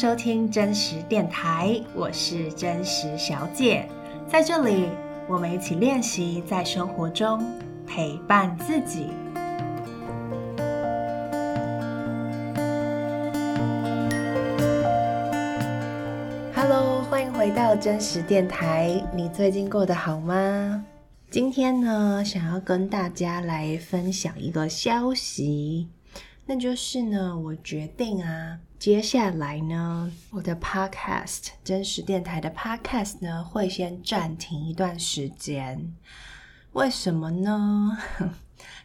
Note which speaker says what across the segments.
Speaker 1: 收聽真實電台，我是真實小姐，在這裡我們一起練習在生活中陪伴自己。Hello，歡迎回到真實電台，你最近過得好嗎？今天呢，想要跟大家來分享一個消息，那就是呢，我決定啊。接下來呢，我的 podcast，真實電台的 podcast 呢，會先暫停一段時間。為什麼呢？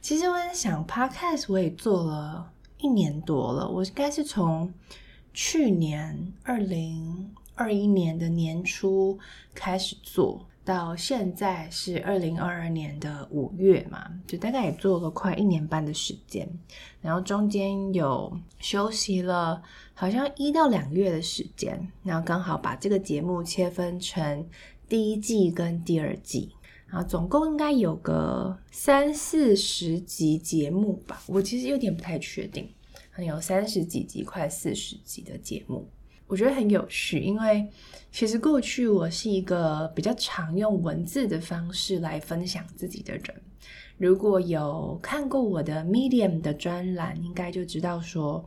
Speaker 1: 其實我在想，podcast 我也做了一年多了，我應該是從去年二零二一年的年初開始做，到現在是二零二二年的五月嘛，就大概也做了快一年半的時間，然後中間有休息了。好像一到兩個月的時間，然後剛好把這個節目切分成第一季跟第二季，然後總共應該有個三四十集節目吧，我其實有點不太確定，有三十幾集快四十集的節目，我覺得很有趣，因為其實過去我是一個比較常用文字的方式來分享自己的人，如果有看過我的 Medium 的專欄，應該就知道說。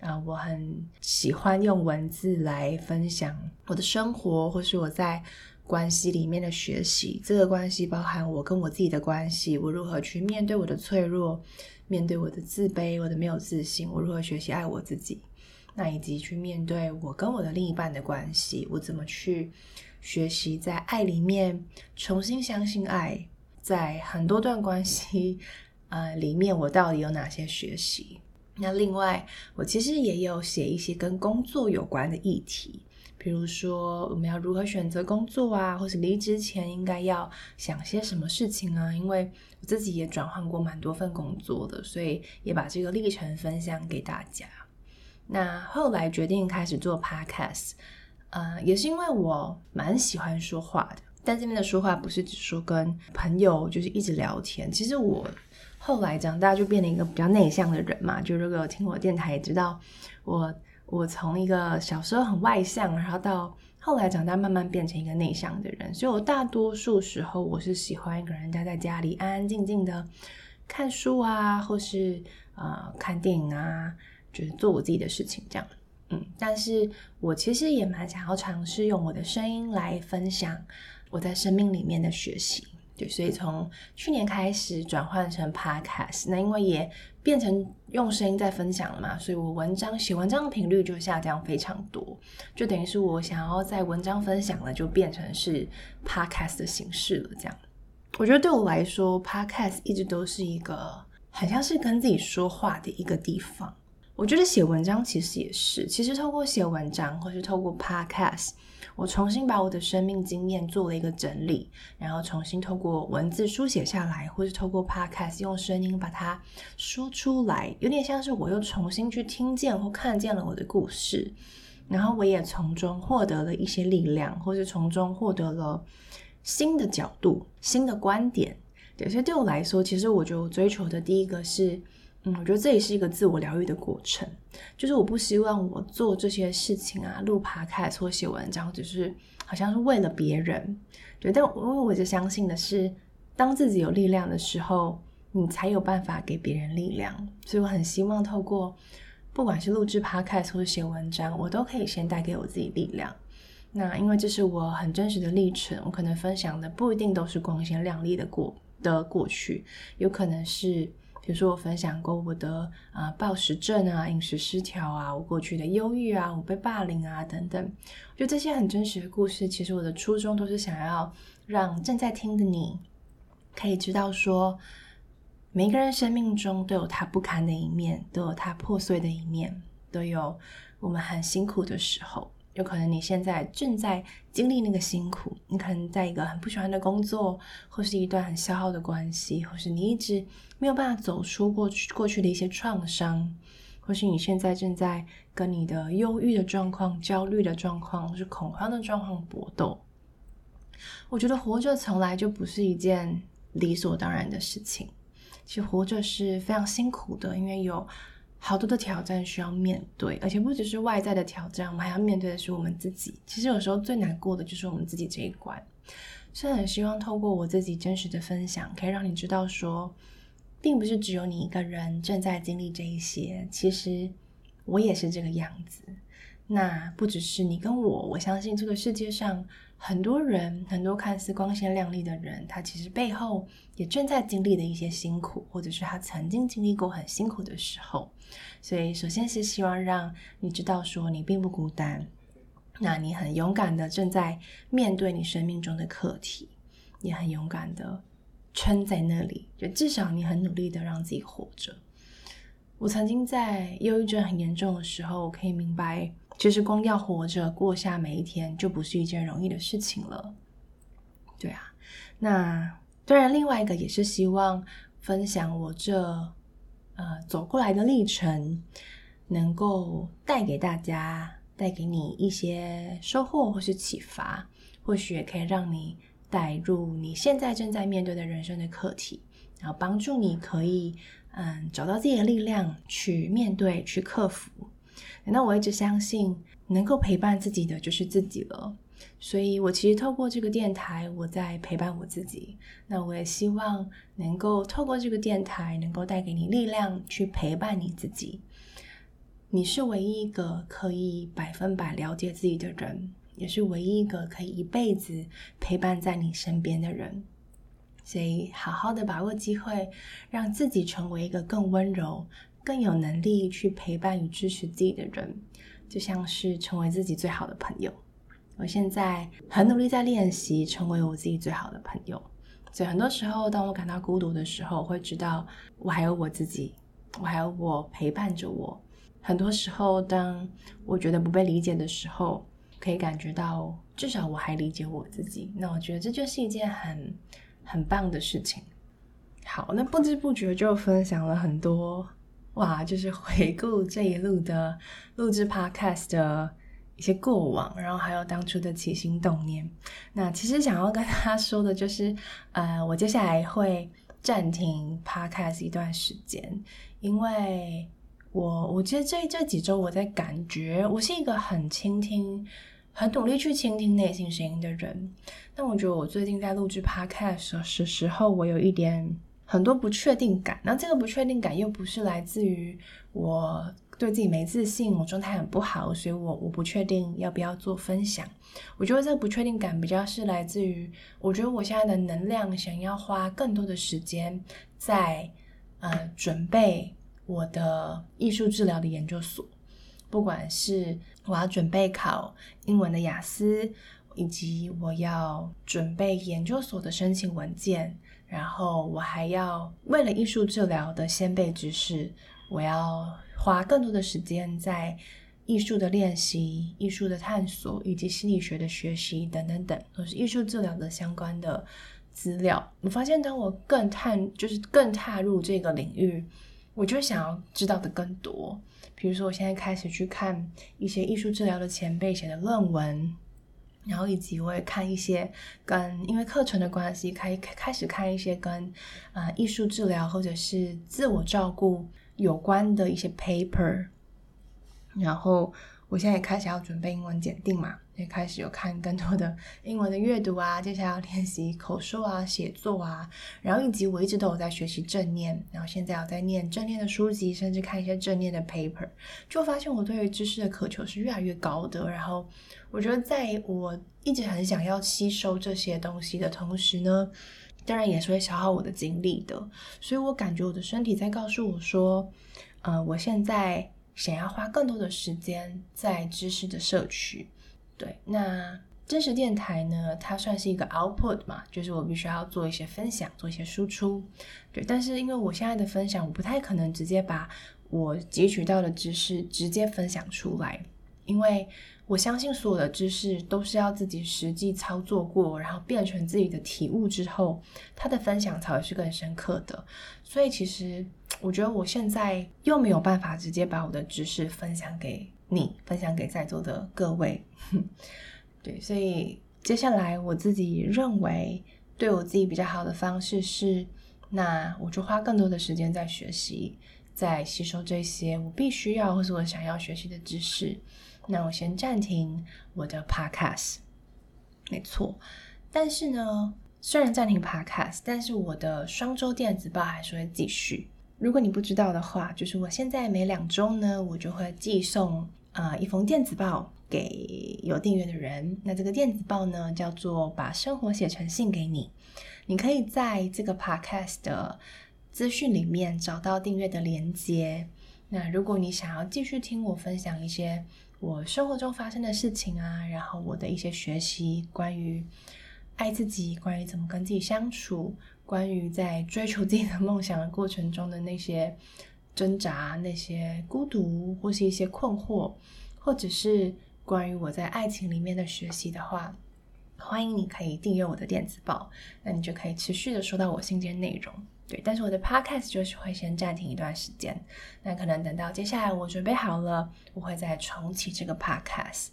Speaker 1: 啊、呃，我很喜歡用文字來分享我的生活，或是我在關係裡面的學習。這個關係包含我跟我自己的關係，我如何去面對我的脆弱，面對我的自卑，我的沒有自信，我如何學習愛我自己，那以及去面對我跟我的另一半的關係，我怎麼去學習在愛裡面重新相信愛，在很多段關係，呃，裡面我到底有哪些學習？那另外，我其實也有寫一些跟工作有關的議題，比如說我們要如何選擇工作啊，或是離職前應該要想些什麼事情啊。因為我自己也轉換過蠻多份工作的，所以也把這個歷程分享給大家。那後來決定開始做 podcast，呃，也是因為我蠻喜歡說話的，但這邊的說話不是只說跟朋友，就是一直聊天。其實我。後來長大就變成了一個比較內向的人嘛。就如果有聽我電台，也知道我我從一個小時候很外向，然後到後來長大，慢慢變成一個內向的人。所以我大多數時候我是喜歡一個人待在家裡，安安靜靜的看書啊，或是啊、呃、看電影啊，就是做我自己的事情這樣。嗯，但是我其實也蠻想要嘗試用我的聲音來分享我在生命裡面的學習。對，所以從去年開始轉換成 podcast，那因為也變成用聲音在分享了嘛，所以我文章寫文章的頻率就下降非常多，就等於是我想要在文章分享了，就變成是 podcast 的形式了，這樣。我覺得對我來說，podcast 一直都是一個很像是跟自己說話的一個地方。我覺得寫文章其實也是，其實透過寫文章或是透過 podcast，我重新把我的生命經驗做了一個整理，然後重新透過文字書寫下來，或是透過 podcast 用聲音把它說出來，有點像是我又重新去聽見或看見了我的故事，然後我也從中獲得了一些力量，或是從中獲得了新的角度、新的觀點。對，所以對我來說，其實我覺得我追求的第一個是。嗯，我覺得這也是一個自我療癒的過程。就是我不希望我做這些事情啊，錄 podcast，或者寫文章，只是好像是為了別人。對，但我因為我就相信的是，當自己有力量的時候，你才有辦法給別人力量。所以我很希望透過，不管是錄製 podcast，或者寫文章，我都可以先帶給我自己力量。那因為這是我很真實的歷程，我可能分享的不一定都是光鮮亮麗的過，的過去，有可能是。比如說，我分享過我的啊、呃、暴食症啊、飲食失調啊、我過去的憂鬱啊、我被霸凌啊等等，就這些很真實的故事，其實我的初衷都是想要讓正在聽的你，可以知道說，每一個人生命中都有他不堪的一面，都有他破碎的一面，都有我們很辛苦的時候。有可能你現在正在經歷那個辛苦，你可能在一個很不喜歡的工作，或是一段很消耗的關係，或是你一直沒有辦法走出過去過去的一些創傷，或是你現在正在跟你的憂鬱的狀況、焦慮的狀況，或是恐慌的狀況搏鬥。我覺得活着從來就不是一件理所當然的事情，其實活着是非常辛苦的，因為有。好多的挑戰需要面對，而且不只是外在的挑戰，我們還要面對的是我們自己。其實有時候最難過的就是我們自己這一關，所以很希望透過我自己真實的分享，可以讓你知道說，並不是只有你一個人正在經歷這一些，其實我也是這個樣子。那不只是你跟我，我相信這個世界上很多人，很多看似光鮮亮麗的人，他其實背後也正在經歷的一些辛苦，或者是他曾經經歷過很辛苦的時候。所以，首先是希望讓你知道，說你並不孤單。那你很勇敢的正在面對你生命中的課題，也很勇敢的撐在那裡，就至少你很努力的讓自己活着。我曾經在憂鬱症很嚴重的時候，我可以明白。其實光要活着過下每一天就不是一件容易的事情了。對啊，那當然，另外一個也是希望分享我這呃走過來的歷程，能夠帶給大家，帶給你一些收穫或是啟發，或許也可以讓你帶入你現在正在面對的人生的課題，然後幫助你可以嗯、呃、找到自己的力量去面對、去克服。那我一直相信，能夠陪伴自己的就是自己了。所以，我其實透過這個電台，我在陪伴我自己。那我也希望能夠透過這個電台，能夠帶給你力量，去陪伴你自己。你是唯一一個可以百分百了解自己的人，也是唯一一個可以一輩子陪伴在你身邊的人。所以，好好的把握機會，讓自己成為一個更溫柔。更有能力去陪伴與支持自己的人，就像是成為自己最好的朋友。我現在很努力在練習成為我自己最好的朋友，所以很多時候，當我感到孤獨的時候，我會知道我還有我自己，我還有我陪伴着我。很多時候，當我覺得不被理解的時候，可以感覺到至少我還理解我自己。那我覺得這就是一件很很棒的事情。好，那不知不覺就分享了很多。哇，就是回顧這一路的錄製 podcast 的一些過往，然後還有當初的起心動念。那其實想要跟大家說的就是，呃，我接下來會暫停 podcast 一段時間，因為我，我覺得這這幾週我在感覺我是一個很傾聽、很努力去傾聽內心聲音的人。但我覺得我最近在錄製 podcast 的時候，我有一點，很多不確定感，那這個不確定感又不是來自於我對自己沒自信，我狀態很不好，所以我我不確定要不要做分享。我覺得這個不確定感比較是來自於，我覺得我現在的能量想要花更多的時間在呃準備我的藝術治療的研究所，不管是我要準備考英文的雅思，以及我要準備研究所的申請文件。然後我還要為了藝術治療的先輩知識，我要花更多的時間在藝術的練習、藝術的探索以及心理學的學習等等等，都是藝術治療的相關的資料。我發現，當我更探，就是更踏入這個領域，我就想要知道的更多。比如說，我現在開始去看一些藝術治療的前輩寫的論文。然後以及我也看一些跟，因為課程的關係，開開開始看一些跟呃，藝術治療或者是自我照顧有關的一些 paper，然後我現在也開始要準備英文檢定嘛。開始有看更多的英文的閱讀啊，接下來要練習口述啊、寫作啊，然後以及我一直都有在學習正念，然後現在有在念正念的書籍，甚至看一些正念的 paper，就發現我對於知識的渴求是越來越高的。然後我覺得，在我一直很想要吸收這些東西的同時呢，當然也是會消耗我的精力的。所以我感覺我的身體在告訴我說，呃，我現在想要花更多的時間在知識的攝取。對，那真實電台呢？它算是一個 output 嘛，就是我必須要做一些分享，做一些輸出。對，但是因為我現在的分享，我不太可能直接把我汲取到的知識直接分享出來，因為我相信所有的知識都是要自己實際操作過，然後變成自己的體悟之後，它的分享才會是更深刻的。所以其實我覺得我現在又沒有辦法直接把我的知識分享給。你分享給在座的各位， 對，所以接下來我自己認為對我自己比較好的方式是，那我就花更多的時間在學習，在吸收這些我必須要或是我想要學習的知識。那我先暫停我的 podcast，沒錯。但是呢，雖然暫停 podcast，但是我的雙週電子報還是會繼續。如果你不知道的話，就是我現在每兩週呢，我就會寄送。啊，一封電子報給有訂閱的人。那這個電子報呢，叫做《把生活寫成信給你》。你可以在這個 podcast 的資訊裡面找到訂閱的鏈接。那如果你想要繼續聽我分享一些我生活中發生的事情啊，然後我的一些學習，關於愛自己，關於怎麼跟自己相處，關於在追求自己的夢想的過程中的那些。掙扎那些孤獨或是一些困惑，或者是關於我在愛情裡面的學習的話，歡迎你可以訂閱我的電子報，那你就可以持續的收到我信件內容。對，但是我的 podcast 就是會先暫停一段時間，那可能等到接下來我準備好了，我會再重啟這個 podcast，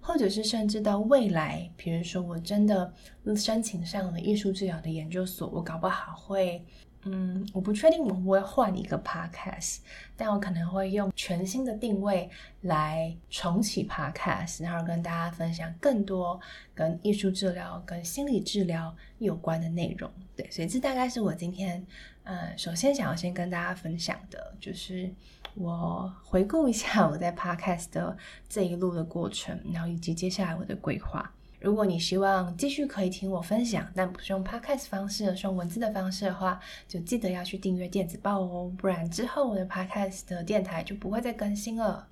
Speaker 1: 或者是甚至到未來，比如說我真的申請上了藝術治療的研究所，我搞不好會。嗯，我不確定我會不會換一個 podcast，但我可能會用全新的定位來重啟 podcast，然後跟大家分享更多跟藝術治療、跟心理治療有關的內容。對，所以這大概是我今天，嗯、呃，首先想要先跟大家分享的，就是我回顧一下我在 podcast 的這一路的過程，然後以及接下來我的規劃。如果你希望繼續可以聽我分享，但不是用 Podcast 方式，而是用文字的方式的話，就記得要去訂閱電子報哦，不然之後我的 Podcast 的電台就不會再更新了。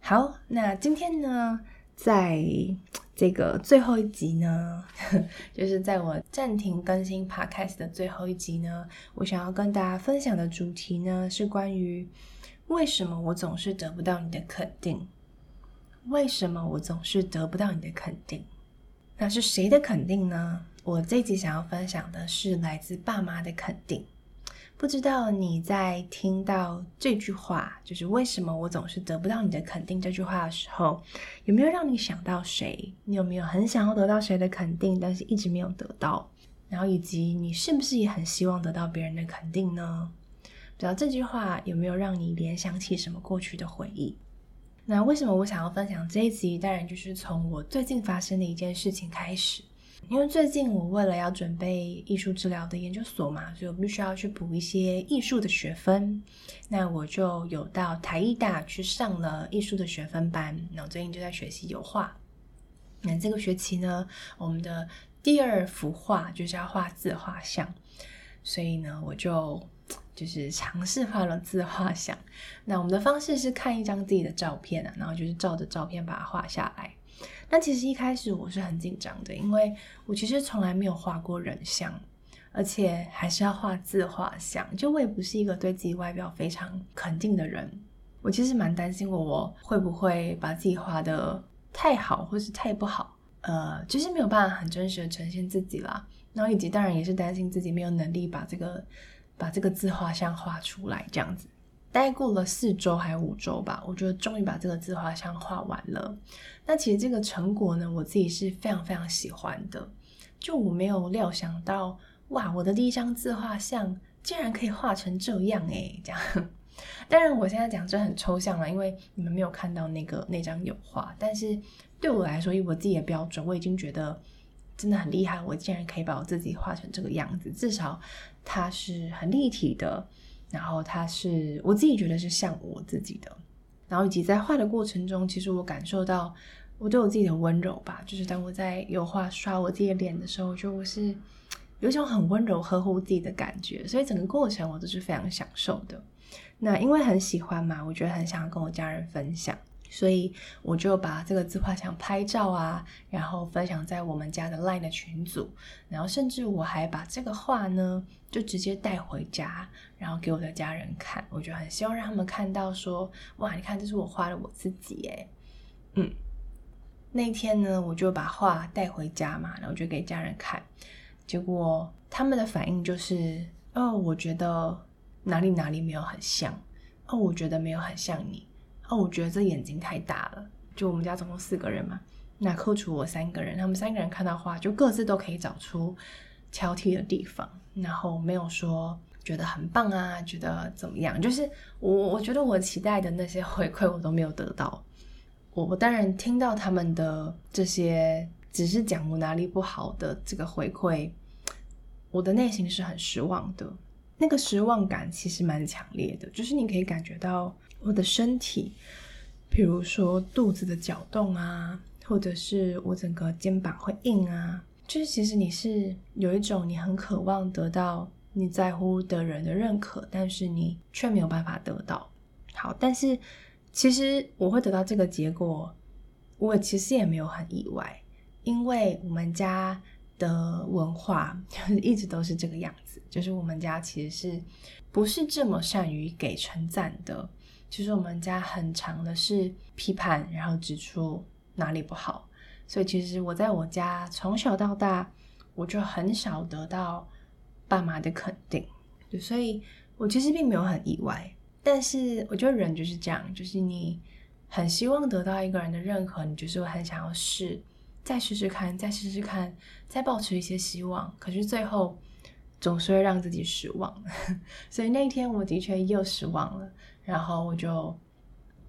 Speaker 1: 好，那今天呢，在這個最後一集呢，就是在我暫停更新 Podcast 的最後一集呢，我想要跟大家分享的主題呢，是關於為什麼我總是得不到你的肯定？為什麼我總是得不到你的肯定？那是誰的肯定呢？我這一集想要分享的是來自爸媽的肯定。不知道你在聽到這句話，就是為什麼我總是得不到你的肯定這句話的時候，有沒有讓你想到誰？你有沒有很想要得到誰的肯定，但是一直沒有得到？然後以及你是不是也很希望得到別人的肯定呢？不知道這句話有沒有讓你聯想起什麼過去的回憶？那為什麼我想要分享這一集？當然就是從我最近發生的一件事情開始。因為最近我為了要準備藝術治療的研究所嘛，所以我必須要去補一些藝術的學分。那我就有到台藝大去上了藝術的學分班。那我最近就在學習油畫。那這個學期呢，我們的第二幅畫就是要畫自畫像，所以呢，我就。就是嘗試畫了自畫像，那我們的方式是看一張自己的照片啊，然後就是照着照片把它畫下來。那其實一開始我是很緊張的，因為我其實從來沒有畫過人像，而且還是要畫自畫像，就我也不是一個對自己外表非常肯定的人。我其實蠻擔心我我會不會把自己畫得太好，或是太不好，呃，就是沒有辦法很真實的呈現自己啦。然後以及當然也是擔心自己沒有能力把這個。把這個自畫像畫出來，這樣子，大概過了四周還有五周吧，我覺得終於把這個自畫像畫完了。那其實這個成果呢，我自己是非常非常喜歡的。就我沒有料想到，哇，我的第一張自畫像竟然可以畫成這樣誒、欸，這樣。當然我現在講真的很抽象了，因為你們沒有看到那個那張油畫，但是對我來說，以我自己的標準，我已經覺得真的很厲害。我竟然可以把我自己畫成這個樣子，至少。它是很立體的，然後它是我自己覺得是像我自己的，然後以及在畫的過程中，其實我感受到我對我自己的溫柔吧，就是當我在油畫刷我自己的臉的時候，就是有一種很溫柔呵護自己的感覺，所以整個過程我都是非常享受的。那因為很喜歡嘛，我覺得很想要跟我家人分享。所以我就把這個自畫像拍照啊，然後分享在我們家的 LINE 的群組，然後甚至我還把這個畫呢，就直接帶回家，然後給我的家人看。我就很希望讓他們看到說，哇，你看這是我畫的我自己誒。嗯。那天呢，我就把畫帶回家嘛，然後就給家人看，結果他們的反應就是，哦，我覺得哪裡哪裡沒有很像，哦，我覺得沒有很像你。哦，我覺得這眼睛太大了。就我們家總共四個人嘛，那扣除我三個人，他們三個人看到畫就各自都可以找出挑剔的地方，然後沒有說覺得很棒啊，覺得怎麼樣？就是我，我覺得我期待的那些回饋我都沒有得到。我我當然聽到他們的這些只是講我哪裡不好的這個回饋，我的內心是很失望的。那個失望感其實蠻強烈的，就是你可以感覺到。我的身體，比如說肚子的攪動啊，或者是我整個肩膀會硬啊，就是其實你是有一種你很渴望得到你在乎的人的認可，但是你卻沒有辦法得到。好，但是其實我會得到這個結果，我其實也沒有很意外，因為我們家的文化、就是、一直都是這個樣子，就是我們家其實是不是這麼善於給稱讚的。其實我們家很常的是批判，然後指出哪裡不好，所以其實我在我家從小到大，我就很少得到爸媽的肯定，所以我其實並沒有很意外。但是我覺得人就是這樣，就是你很希望得到一個人的認可，你就是很想要試，再試試看，再試試看，再抱持一些希望。可是最後總是會讓自己失望， 所以那一天我的確又失望了。然後我就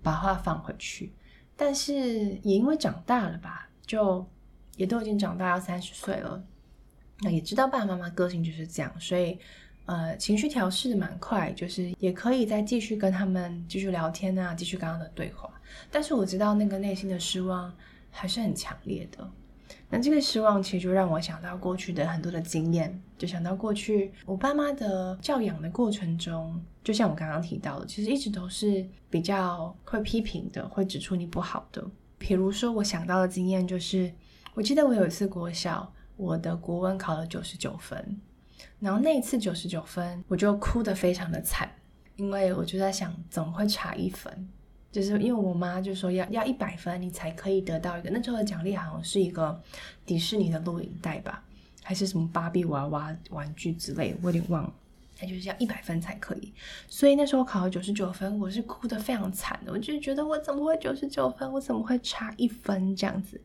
Speaker 1: 把話放回去，但是也因為長大了吧，就也都已經長大，要三十歲了，那也知道爸爸媽媽個性就是這樣，所以呃，情緒調適的蠻快，就是也可以再繼續跟他們繼續聊天啊，繼續剛剛的對話，但是我知道那個內心的失望還是很強烈的。那這個失望其實就讓我想到過去的很多的經驗，就想到過去我爸媽的教養的過程中，就像我剛剛提到的，其實一直都是比較會批評的，會指出你不好的。比如說，我想到的經驗就是，我記得我有一次國小，我的國文考了九十九分，然後那一次九十九分，我就哭得非常的慘，因為我就在想，怎麼會差一分？就是因為我媽就說要要一百分，你才可以得到一個那時候的獎勵，好像是一個迪士尼的錄影帶吧，還是什麼芭比娃娃玩具之類的，我有點忘了。那就是要一百分才可以，所以那時候考了九十九分，我是哭得非常慘的。我就覺得我怎麼會九十九分，我怎麼會差一分這樣子？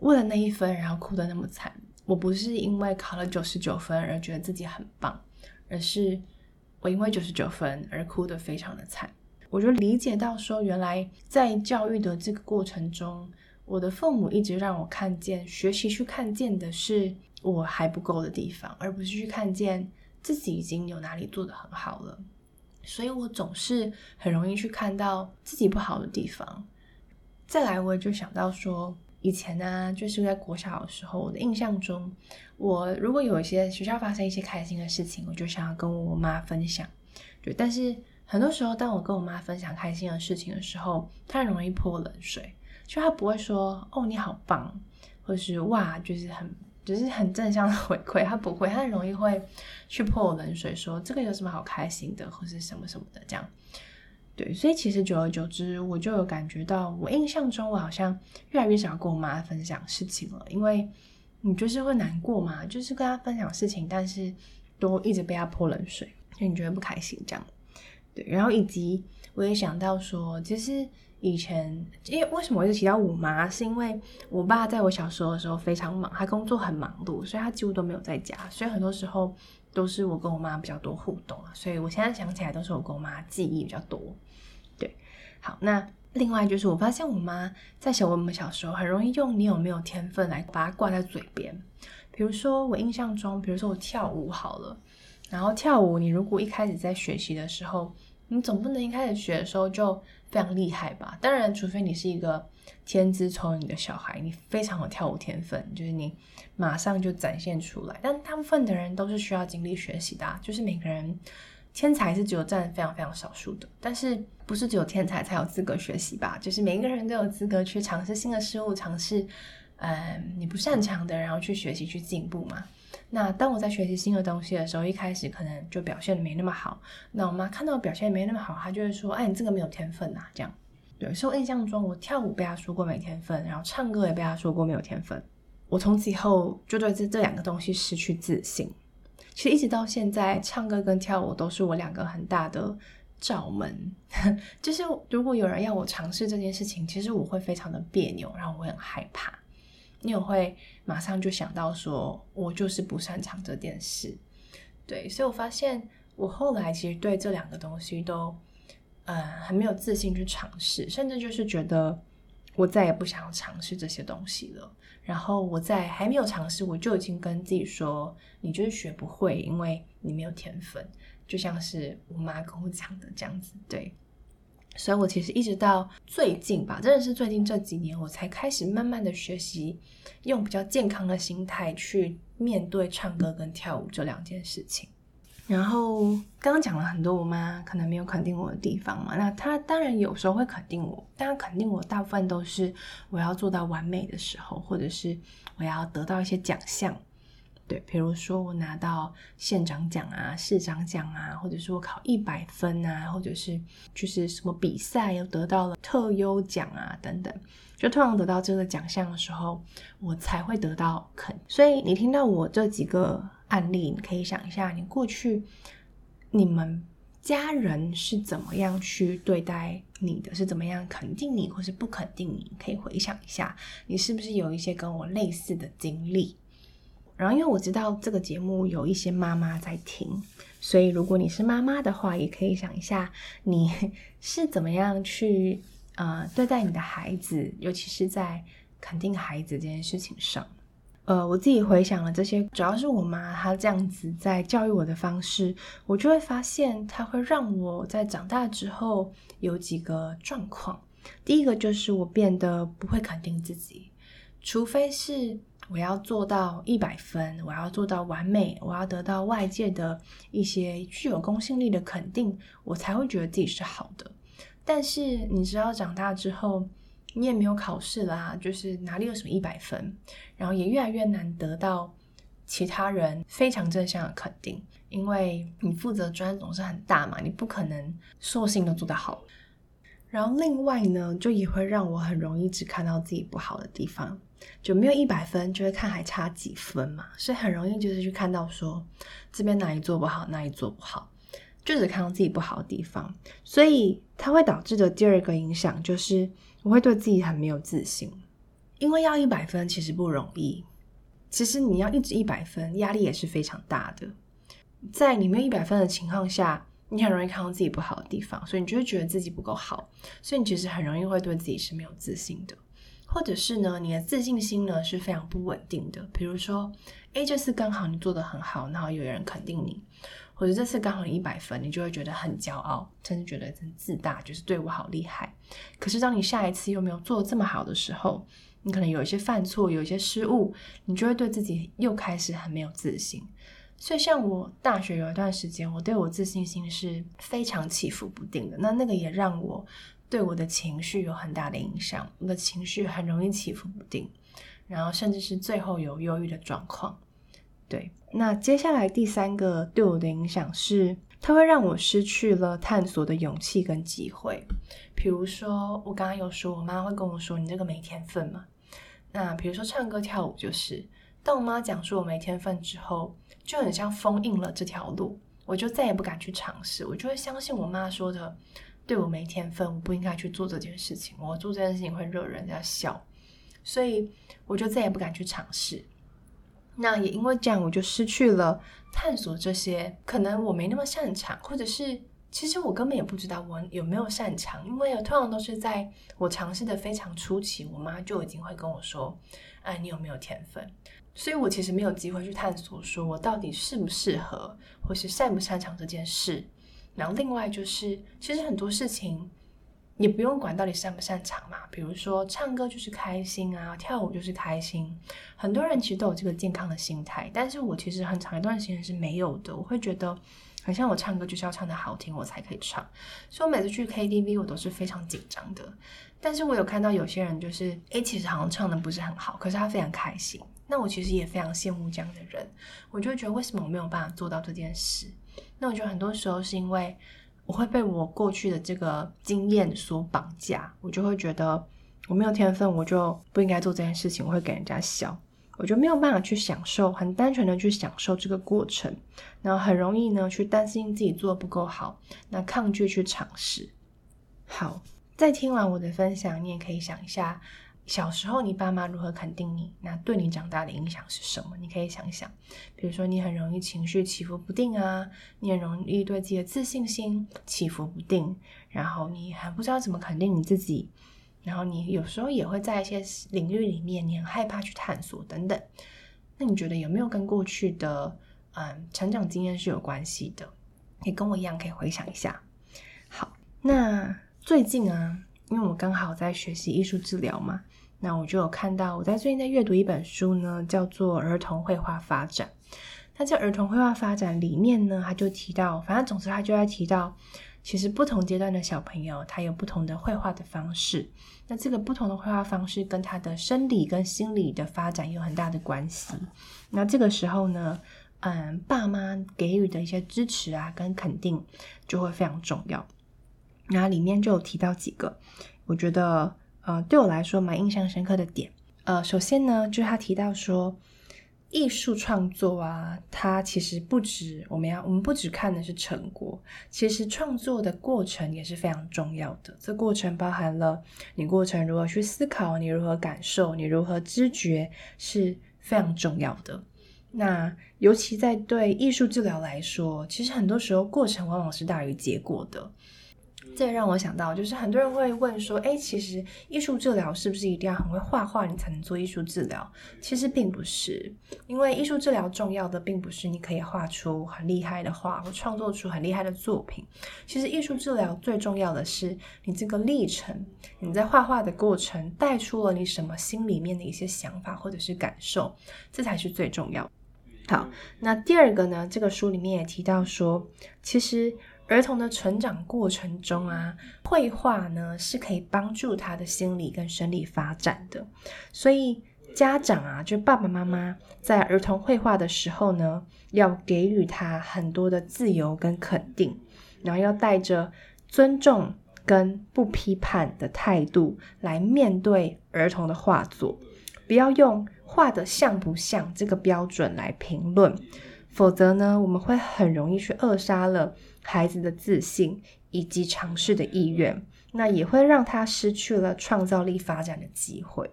Speaker 1: 為了那一分，然後哭得那麼慘。我不是因為考了九十九分而覺得自己很棒，而是我因為九十九分而哭得非常的慘。我就理解到說，原來在教育的這個過程中，我的父母一直讓我看見、學習去看見的是我還不夠的地方，而不是去看見自己已經有哪裡做得很好了。所以，我總是很容易去看到自己不好的地方。再來，我也就想到說，以前呢、啊，就是在國小的時候，我的印象中，我如果有一些學校發生一些開心的事情，我就想要跟我媽分享。就但是，很多時候，當我跟我媽分享開心的事情的時候，她很容易潑冷水，就她不會說“哦，你好棒”或是“哇”，就是很就是很正向的回饋，她不會，她很容易會去潑冷水，說這個有什麼好開心的，或是什麼什麼的這樣。對，所以其實久而久之，我就有感覺到，我印象中我好像越來越少跟我媽分享事情了，因為你就是會難過嘛，就是跟她分享事情，但是都一直被她潑冷水，就你覺得不開心這樣。然後，以及我也想到說，就是以前，因為為什麼我就提到我媽，是因為我爸在我小時候的時候非常忙，他工作很忙碌，所以他幾乎都沒有在家，所以很多時候都是我跟我媽比較多互動，所以我現在想起來，都是我跟我媽記憶比較多。對，好，那另外就是我發現我媽在想我們小時候很容易用“你有沒有天分”來把它掛在嘴邊。比如說，我印象中，比如說我跳舞好了，然後跳舞，你如果一開始在學習的時候。你總不能一開始學的時候就非常厲害吧？當然，除非你是一個天資聰穎的小孩，你非常有跳舞天分，就是你馬上就展現出來。但大部分的人都是需要經歷學習的，啊，就是每個人天才是只有佔非常非常少數的。但是不是只有天才才有資格學習吧？就是每一個人都有資格去嘗試新的事物，嘗試嗯你不擅長的，然後去學習去進步嘛。那當我在學習新的東西的時候，一開始可能就表現的沒那麼好。那我媽看到我表現沒那麼好，她就會說：“哎，你這個沒有天分啊！”這樣。對，我印象中，我跳舞被她說過沒天分，然後唱歌也被她說過沒有天分。我從此以後就對這這兩個東西失去自信。其實一直到現在，唱歌跟跳舞都是我兩個很大的罩門。 就是如果有人要我嘗試這件事情，其實我會非常的彆扭，然後我很害怕。你也會馬上就想到說，我就是不擅長這件事，對，所以我發現我後來其實對這兩個東西都，呃，很沒有自信去嘗試，甚至就是覺得我再也不想要嘗試這些東西了。然後我在還沒有嘗試，我就已經跟自己說，你就是學不會，因為你沒有天分，就像是我媽跟我講的這樣子，對。所以我其實一直到最近吧，真的是最近這幾年，我才開始慢慢的學習，用比較健康的心態去面對唱歌跟跳舞這兩件事情。然後剛剛講了很多，我媽可能沒有肯定我的地方嘛。那她當然有時候會肯定我，但她肯定我大部分都是我要做到完美的時候，或者是我要得到一些獎項。對，比如說我拿到縣長獎啊、市長獎啊，或者是我考一百分啊，或者是就是什麼比賽又得到了特優獎啊等等，就通常得到這個獎項的時候，我才會得到肯。所以你聽到我這幾個案例，你可以想一下，你過去你們家人是怎麼樣去對待你的，是怎麼樣肯定你，或是不肯定你？你可以回想一下，你是不是有一些跟我類似的經歷？然後，因為我知道這個節目有一些媽媽在聽，所以如果你是媽媽的話，也可以想一下你是怎麼樣去呃對待你的孩子，尤其是在肯定孩子這件事情上。呃，我自己回想了這些，主要是我媽她這樣子在教育我的方式，我就會發現她會讓我在長大之後有幾個狀況。第一個就是我變得不會肯定自己，除非是。我要做到一百分，我要做到完美，我要得到外界的一些具有公信力的肯定，我才會覺得自己是好的。但是你知道，長大之後，你也沒有考試啦，啊，就是哪裡有什麼一百分，然後也越來越難得到其他人非常正向的肯定，因為你負責的專總是很大嘛，你不可能所有事情都做得好。然後另外呢，就也會讓我很容易只看到自己不好的地方，就沒有一百分就會看還差幾分嘛，所以很容易就是去看到說這邊哪裡做不好，哪裡做不好，就只看到自己不好的地方。所以它會導致的第二個影響就是我會對自己很沒有自信，因為要一百分其實不容易，其實你要一直一百分壓力也是非常大的，在你沒有一百分的情況下。你很容易看到自己不好的地方，所以你就會覺得自己不夠好，所以你其實很容易會對自己是沒有自信的，或者是呢，你的自信心呢是非常不穩定的。比如說，誒，這次剛好你做得很好，然後有人肯定你，或者這次剛好你一百分，你就會覺得很驕傲，甚至覺得很自大，就是對我好厲害。可是當你下一次又沒有做這麼好的時候，你可能有一些犯錯，有一些失誤，你就會對自己又開始很沒有自信。所以，像我大學有一段時間，我對我自信心是非常起伏不定的。那那個也讓我對我的情緒有很大的影響，我的情緒很容易起伏不定，然後甚至是最後有憂鬱的狀況。對，那接下來第三個對我的影響是，它會讓我失去了探索的勇氣跟機會。比如說，我剛剛有說我媽會跟我說：“你這個沒天分嘛。”那比如說唱歌跳舞就是。當我媽講說我沒天分之後，就很像封印了這條路，我就再也不敢去嘗試。我就會相信我媽說的，對我沒天分，我不應該去做這件事情，我做這件事情會惹人家笑，所以我就再也不敢去嘗試。那也因為這樣，我就失去了探索這些可能我沒那麼擅長，或者是其實我根本也不知道我有沒有擅長，因為通常都是在我嘗試的非常初期，我媽就已經會跟我說，哎，你有沒有天分？所以我其實沒有機會去探索，說我到底適不適合，或是擅不擅長這件事。然後另外就是，其實很多事情也不用管到底擅不擅長嘛。比如說唱歌就是開心啊，跳舞就是開心。很多人其實都有這個健康的心態，但是我其實很長一段時間是沒有的。我會覺得，很像我唱歌就是要唱得好聽我才可以唱，所以我每次去 KTV 我都是非常緊張的。但是我有看到有些人就是，誒，其實好像唱得不是很好，可是他非常開心。那我其實也非常羨慕這樣的人，我就會覺得為什麼我沒有辦法做到這件事？那我覺得很多時候是因為我會被我過去的這個經驗所綁架，我就會覺得我沒有天分，我就不應該做這件事情，我會給人家笑，我就沒有辦法去享受，很單純的去享受這個過程，然後很容易呢去擔心自己做的不夠好，那抗拒去嘗試。好，在聽完我的分享，你也可以想一下。小時候，你爸媽如何肯定你？那對你長大的影響是什麼？你可以想一想，比如說你很容易情緒起伏不定啊，你很容易對自己的自信心起伏不定，然後你還不知道怎麼肯定你自己，然後你有時候也會在一些領域裡面，你很害怕去探索等等。那你覺得有沒有跟過去的嗯成長經驗是有關係的？你跟我一樣可以回想一下。好，那最近啊，因為我剛好在學習藝術治療嘛。那我就有看到，我在最近在閱讀一本書呢，叫做《兒童繪畫發展》。那在兒童繪畫發展裡面呢，他就提到，反正總之他就在提到，其實不同階段的小朋友他有不同的繪畫的方式。那這個不同的繪畫方式跟他的生理跟心理的發展有很大的關係。那這個時候呢，嗯，爸媽給予的一些支持啊跟肯定就會非常重要。那裡面就有提到幾個，我覺得。呃，對我來說蠻印象深刻的點。呃，首先呢，就是他提到說，藝術創作啊，它其實不止我們要，我們不只看的是成果，其實創作的過程也是非常重要的。這過程包含了你過程如何去思考，你如何感受，你如何知覺，是非常重要的。嗯。那尤其在對藝術治療來說，其實很多時候過程往往是大於結果的。這也讓我想到，就是很多人會問說：“誒，其實藝術治療是不是一定要很會畫畫，你才能做藝術治療？”其實並不是，因為藝術治療重要的並不是你可以畫出很厲害的畫或創作出很厲害的作品。其實藝術治療最重要的是你這個歷程，你在畫畫的過程帶出了你什麼心裡面的一些想法或者是感受，這才是最重要。好，那第二個呢，這個書裡面也提到說，其實。兒童的成長過程中啊，繪畫呢是可以幫助他的心理跟生理發展的。所以家長啊，就爸爸媽媽在兒童繪畫的時候呢，要給予他很多的自由跟肯定，然後要帶着尊重跟不批判的態度來面對兒童的畫作，不要用畫得像不像這個標準來評論，否則呢，我們會很容易去扼殺了。孩子的自信以及嘗試的意願，那也會讓他失去了創造力發展的機會，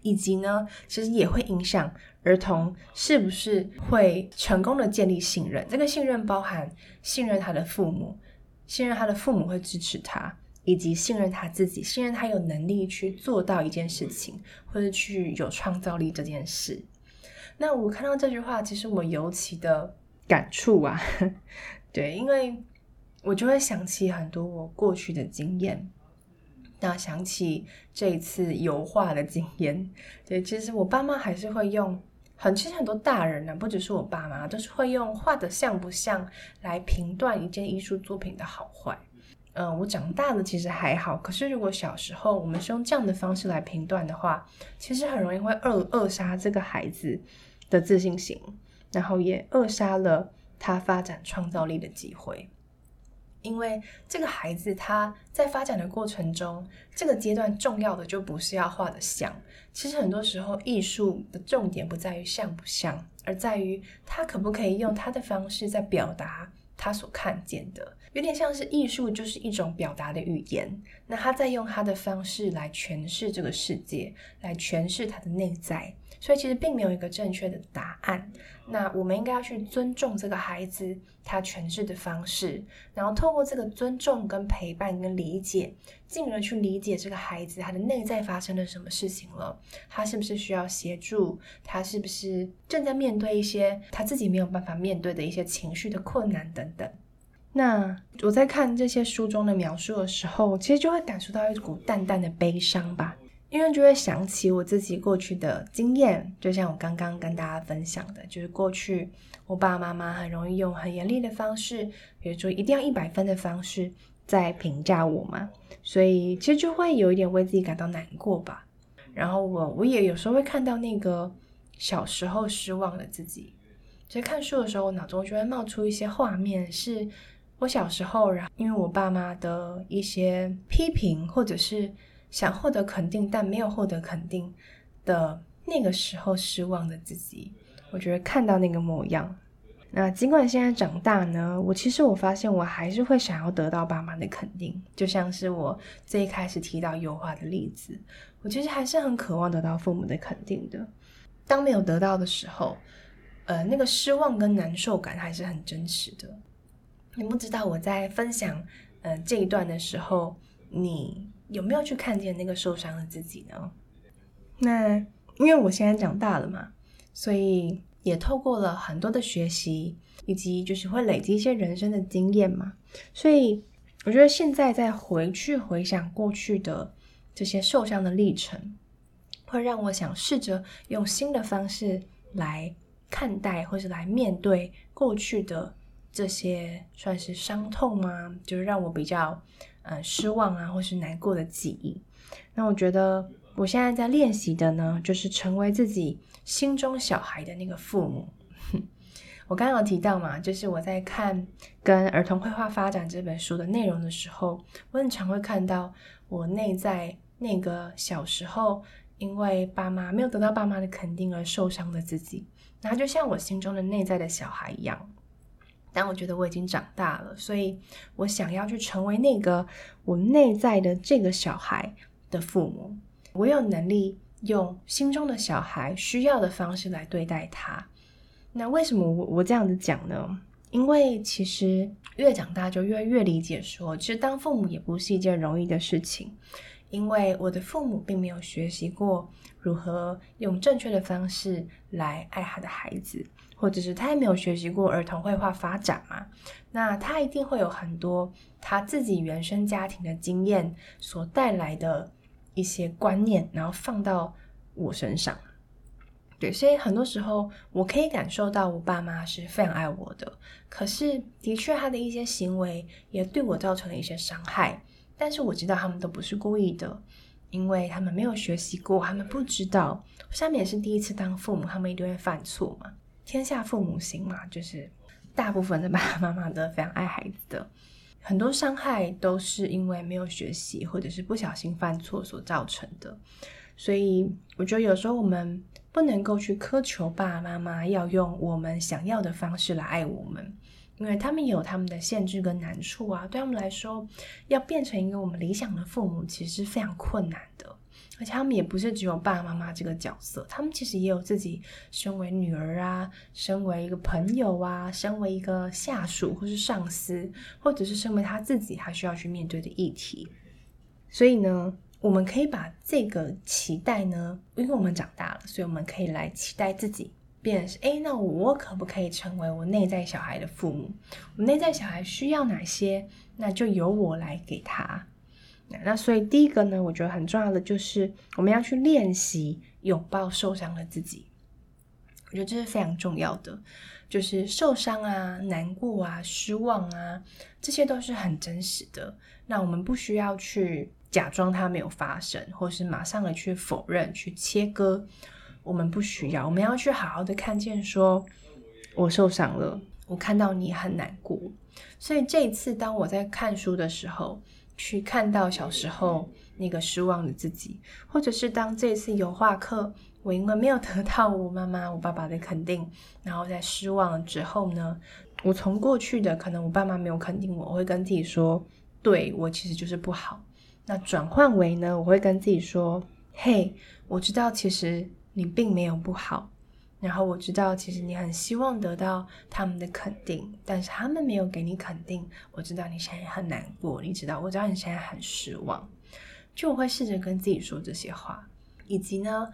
Speaker 1: 以及呢，其實也會影響兒童是不是會成功的建立信任。這個信任包含信任他的父母，信任他的父母會支持他，以及信任他自己，信任他有能力去做到一件事情，或者去有創造力這件事。那我看到這句話，其實我尤其的感觸啊，對，因為。我就會想起很多我過去的經驗，那想起這一次油畫的經驗。對，其實我爸媽還是會用很，其實很多大人呢、啊，不只是我爸媽，都是會用畫的像不像來評斷一件藝術作品的好壞。嗯、呃，我長大了其實還好，可是如果小時候我們是用這樣的方式來評斷的話，其實很容易會扼扼殺這個孩子的自信心，然後也扼殺了他發展創造力的機會。因為這個孩子他在發展的過程中，這個階段重要的就不是要畫得像，其實很多時候，藝術的重點不在於像不像，而在於他可不可以用他的方式在表達他所看見的。有點像是藝術，就是一種表達的語言。那他在用他的方式來詮釋這個世界，來詮釋他的內在。所以其實並沒有一個正確的答案。那我們應該要去尊重這個孩子他詮釋的方式，然後透過這個尊重、跟陪伴、跟理解，進而去理解這個孩子他的內在發生了什麼事情了。他是不是需要協助？他是不是正在面對一些他自己沒有辦法面對的一些情緒的困難等等？那我在看這些書中的描述的時候，其實就會感受到一股淡淡的悲傷吧，因為就會想起我自己過去的經驗，就像我剛剛跟大家分享的，就是過去我爸爸媽媽很容易用很嚴厲的方式，比如說一定要一百分的方式在評價我嘛，所以其實就會有一點為自己感到難過吧。然後我我也有時候會看到那個小時候失望的自己，所以看書的時候，我腦中就會冒出一些畫面是。我小時候，然後因為我爸媽的一些批評，或者是想獲得肯定但沒有獲得肯定的，那個時候失望的自己，我覺得看到那個模樣。那儘管現在長大呢，我其實我發現我還是會想要得到爸媽的肯定，就像是我最一開始提到油畫的例子，我其實還是很渴望得到父母的肯定的。當沒有得到的時候，呃，那個失望跟難受感還是很真實的。你不知道我在分享，呃，這一段的時候，你有沒有去看見那個受傷的自己呢？那因為我現在長大了嘛，所以也透過了很多的學習，以及就是會累積一些人生的經驗嘛，所以我覺得現在再回去回想過去的這些受傷的歷程，會讓我想試着用新的方式來看待，或是來面對過去的。這些算是傷痛嗎、啊？就是讓我比較，嗯、呃，失望啊，或是難過的記憶。那我覺得我現在在練習的呢，就是成為自己心中小孩的那個父母。 我剛剛有提到嘛，就是我在看《跟兒童繪畫發展》這本書的內容的時候，我很常會看到我內在那個小時候因為爸媽沒有得到爸媽的肯定而受傷的自己。那就像我心中的內在的小孩一樣。但我覺得我已經長大了，所以我想要去成為那個我內在的這個小孩的父母。我有能力用心中的小孩需要的方式來對待他。那為什麼我我這樣子講呢？因為其實越長大就越越理解說，說其實當父母也不是一件容易的事情。因為我的父母並沒有學習過如何用正確的方式來愛他的孩子。或者是他還沒有學習過兒童繪畫發展嘛？那他一定會有很多他自己原生家庭的經驗所帶來的一些觀念，然後放到我身上。對，所以很多時候我可以感受到我爸媽是非常愛我的，可是的確他的一些行為也對我造成了一些傷害。但是我知道他們都不是故意的，因為他們沒有學習過，他們不知道。他們也是第一次當父母，他們一定會犯錯嘛。天下父母心嘛，就是大部分的爸爸媽媽都非常愛孩子的，很多傷害都是因為沒有學習或者是不小心犯錯所造成的。所以我覺得有時候我們不能夠去苛求爸爸媽媽要用我們想要的方式來愛我們，因為他們也有他們的限制跟難處啊，對他們來說，要變成一個我們理想的父母，其實是非常困難的。而且他們也不是只有爸爸媽媽這個角色，他們其實也有自己身為女兒啊，身為一個朋友啊，身為一個下屬或是上司，或者是身為他自己，他需要去面對的議題。所以呢，我們可以把這個期待呢，因為我們長大了，所以我們可以來期待自己，變成是，哎、欸，那我可不可以成為我內在小孩的父母？我內在小孩需要哪些，那就由我來給他。那所以，第一個呢，我覺得很重要的就是我們要去練習擁抱受傷的自己。我覺得這是非常重要的，就是受傷啊、難過啊、失望啊，這些都是很真實的。那我們不需要去假裝它沒有發生，或是馬上的去否認、去切割。我們不需要，我們要去好好的看見說我受傷了，我看到你很難過。所以這一次，當我在看書的時候。去看到小時候那個失望的自己，或者是當這次油畫課，我因為沒有得到我媽媽、我爸爸的肯定，然後在失望了之後呢，我從過去的可能我爸媽沒有肯定我，我會跟自己說，對我其實就是不好。那轉換為呢，我會跟自己說，嘿，我知道其實你並沒有不好。然後我知道，其實你很希望得到他們的肯定，但是他們沒有給你肯定。我知道你現在很難過，你知道，我知道你現在很失望，就我會試着跟自己說這些話，以及呢，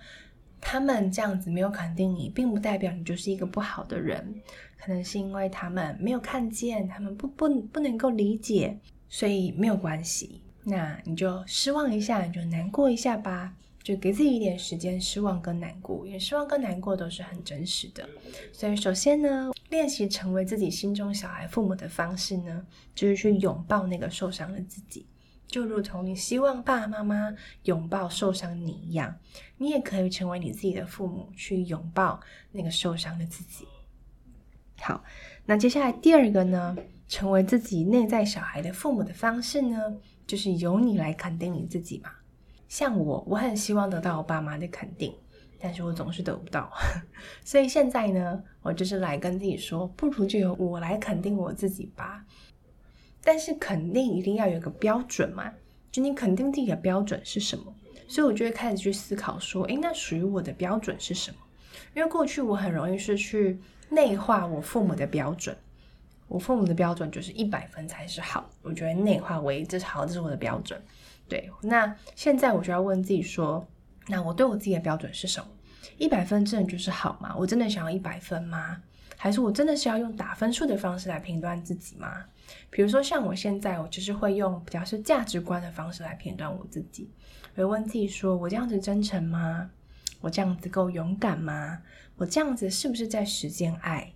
Speaker 1: 他們這樣子沒有肯定你，並不代表你就是一個不好的人，可能是因為他們沒有看見，他們不不不能夠理解，所以沒有關係，那你就失望一下，你就難過一下吧。就給自己一點時間，失望跟難過，因為失望跟難過都是很真實的。所以，首先呢，練習成為自己心中小孩父母的方式呢，就是去擁抱那個受傷的自己，就如同你希望爸爸媽媽擁抱受傷你一樣，你也可以成為你自己的父母，去擁抱那個受傷的自己。好，那接下來第二個呢，成為自己內在小孩的父母的方式呢，就是由你來肯定你自己嘛。像我，我很希望得到我爸媽的肯定，但是我總是得不到， 所以現在呢，我就是來跟自己說，不如就由我來肯定我自己吧。但是肯定一定要有個標準嘛，就你肯定自己的標準是什麼？所以我就會開始去思考說，哎，那屬於我的標準是什麼？因為過去我很容易是去內化我父母的標準，我父母的標準就是一百分才是好，我覺得內化為這是好，這是我的標準。對，那現在我就要問自己說，那我對我自己的標準是什麼？一百分真的就是好嗎？我真的想要一百分嗎？還是我真的是要用打分數的方式來評斷自己嗎？比如說像我現在，我就是會用比較是價值觀的方式來評斷我自己，我會問自己說，我這樣子真誠嗎？我這樣子夠勇敢嗎？我這樣子是不是在實踐愛？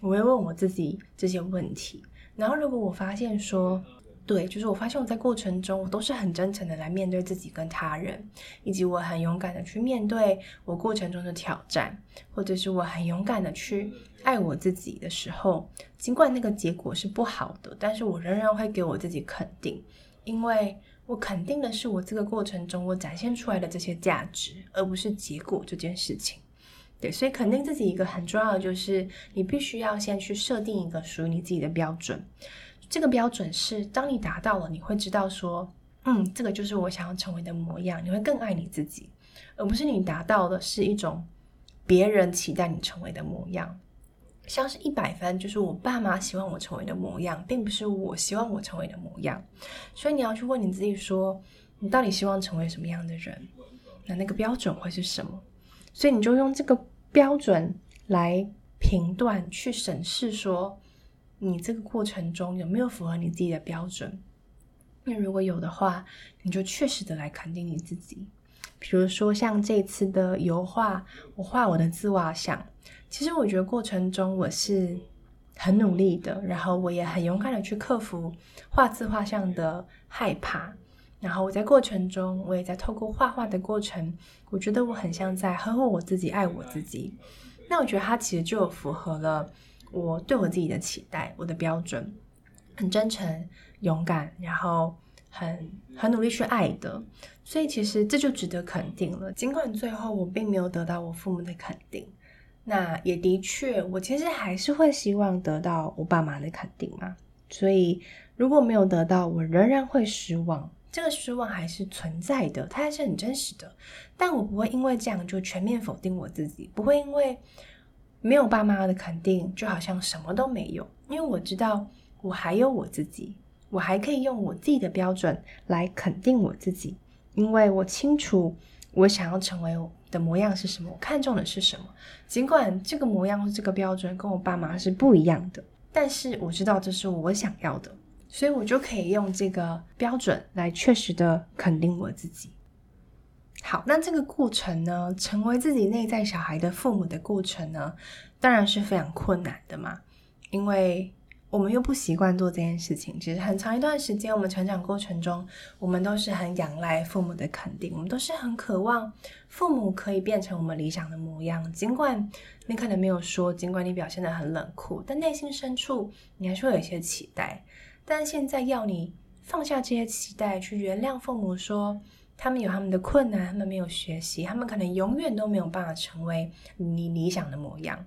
Speaker 1: 我會問我自己這些問題。然後如果我發現說，對，就是我發現我在過程中，我都是很真誠的來面對自己跟他人，以及我很勇敢的去面對我過程中的挑戰，或者是我很勇敢的去愛我自己的時候，儘管那個結果是不好的，但是我仍然會給我自己肯定，因為我肯定的是我這個過程中我展現出來的這些價值，而不是結果這件事情。對，所以肯定自己一個很重要的就是，你必須要先去設定一個屬於你自己的標準。這個標準是，當你達到了，你會知道說，嗯，這個就是我想要成為的模樣。你會更愛你自己，而不是你達到的是一種別人期待你成為的模樣。像是一百分，就是我爸媽希望我成為的模樣，並不是我希望我成為的模樣。所以你要去問你自己說，你到底希望成為什麼樣的人？那那個標準會是什麼？所以你就用這個標準來評斷、去審視說。你這個過程中有沒有符合你自己的標準？那如果有的話，你就確實的來肯定你自己。比如說像這次的油畫，我畫我的自畫像。其實我覺得過程中我是很努力的，然後我也很勇敢的去克服畫自畫像的害怕。然後我在過程中，我也在透過畫畫的過程，我覺得我很像在呵護我自己，愛我自己。那我覺得它其實就符合了。我對我自己的期待，我的標準，很真誠、勇敢，然後很很努力去愛的，所以其實這就值得肯定了。儘管最後我並沒有得到我父母的肯定，那也的確，我其實還是會希望得到我爸媽的肯定嘛。所以如果沒有得到，我仍然會失望，這個失望還是存在的，它還是很真實的。但我不會因為這樣就全面否定我自己，不會因為。沒有爸媽的肯定，就好像什麼都沒有。因為我知道，我還有我自己，我還可以用我自己的標準來肯定我自己。因為我清楚，我想要成為的模樣是什麼，我看重的是什麼。儘管這個模樣或這個標準跟我爸媽是不一樣的，但是我知道這是我想要的，所以我就可以用這個標準來確實的肯定我自己。好，那這個過程呢，成為自己內在小孩的父母的過程呢，當然是非常困難的嘛，因為我們又不習慣做這件事情。其實很長一段時間，我們成長過程中，我們都是很仰賴父母的肯定，我們都是很渴望父母可以變成我們理想的模樣。儘管你可能沒有說，儘管你表現得很冷酷，但內心深處你還是會有一些期待。但現在要你放下這些期待，去原諒父母說。他們有他們的困難，他們沒有學習，他們可能永遠都沒有辦法成為你理想的模樣。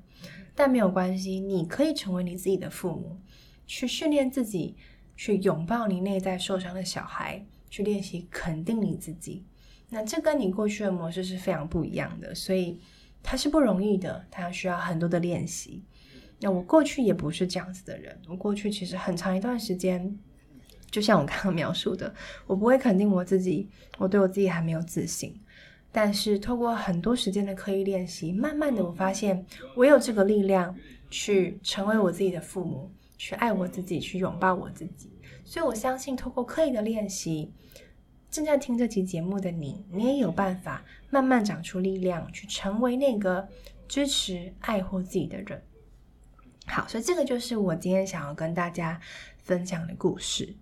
Speaker 1: 但沒有關係，你可以成為你自己的父母，去訓練自己，去擁抱你內在受傷的小孩，去練習肯定你自己。那這跟你過去的模式是非常不一樣的，所以它是不容易的，它需要很多的練習。那我過去也不是這樣子的人，我過去其實很長一段時間。就像我剛剛描述的，我不會肯定我自己，我對我自己還沒有自信。但是，透過很多時間的刻意練習，慢慢的我發現，我有這個力量去成為我自己的父母，去愛我自己，去擁抱我自己。所以，我相信，透過刻意的練習，正在聽這期節目的你，你也有辦法慢慢長出力量，去成為那個支持、愛護自己的人。好，所以這個就是我今天想要跟大家分享的故事。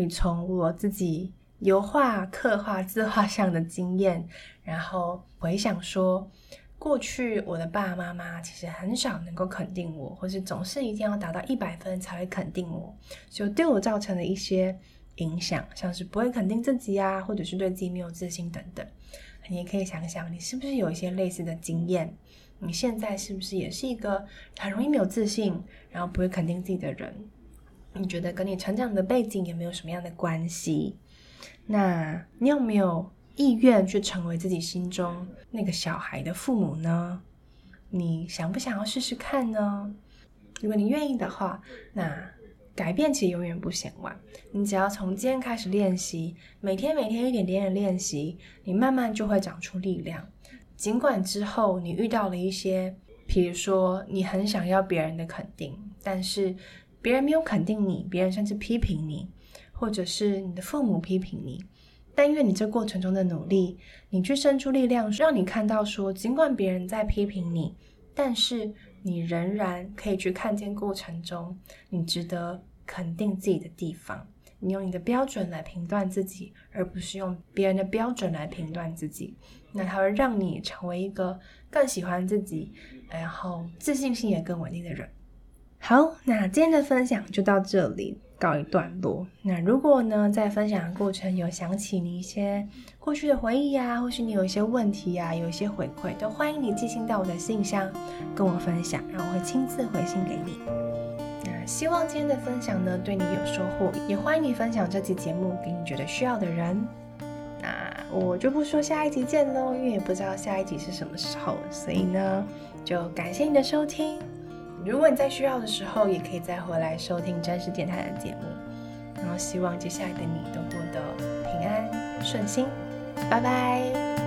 Speaker 1: 你從我自己油畫、刻畫、自畫像的經驗，然後回想說，過去我的爸爸媽媽其實很少能夠肯定我，或是總是一定要達到一百分才會肯定我，就對我造成了一些影響，像是不會肯定自己啊，或者是對自己沒有自信等等。你也可以想想，你是不是有一些類似的經驗？你現在是不是也是一個很容易沒有自信，然後不會肯定自己的人？你覺得跟你成長的背景有沒有什麼樣的關係？那你有沒有意願去成為自己心中那個小孩的父母呢？你想不想要試試看呢？如果你願意的話，那改變其實永遠不嫌晚。你只要從今天開始練習，每天每天一點點的練習，你慢慢就會長出力量。儘管之後你遇到了一些，比如說你很想要別人的肯定，但是別人沒有肯定你，別人甚至批評你，或者是你的父母批評你，但因為你這過程中的努力，你去伸出力量，讓你看到說，儘管別人在批評你，但是你仍然可以去看見過程中你值得肯定自己的地方。你用你的標準來評斷自己，而不是用別人的標準來評斷自己。那它會讓你成為一個更喜歡自己，然後自信心也更穩定的人。好，那今天的分享就到這裡告一段落。那如果呢，在分享的過程有想起你一些過去的回憶啊，或許你有一些問題呀、啊，有一些回饋，都歡迎你寄信到我的信箱跟我分享，然後我會親自回信給你。那希望今天的分享呢，對你有收穫，也歡迎你分享這期節目給你覺得需要的人。那我就不說下一集見嘍因為也不知道下一集是什麼時候，所以呢，就感謝你的收聽。如果你在需要的時候，也可以再回來收聽真實電台的節目。然後，希望接下來的你都過得平安順心。拜拜。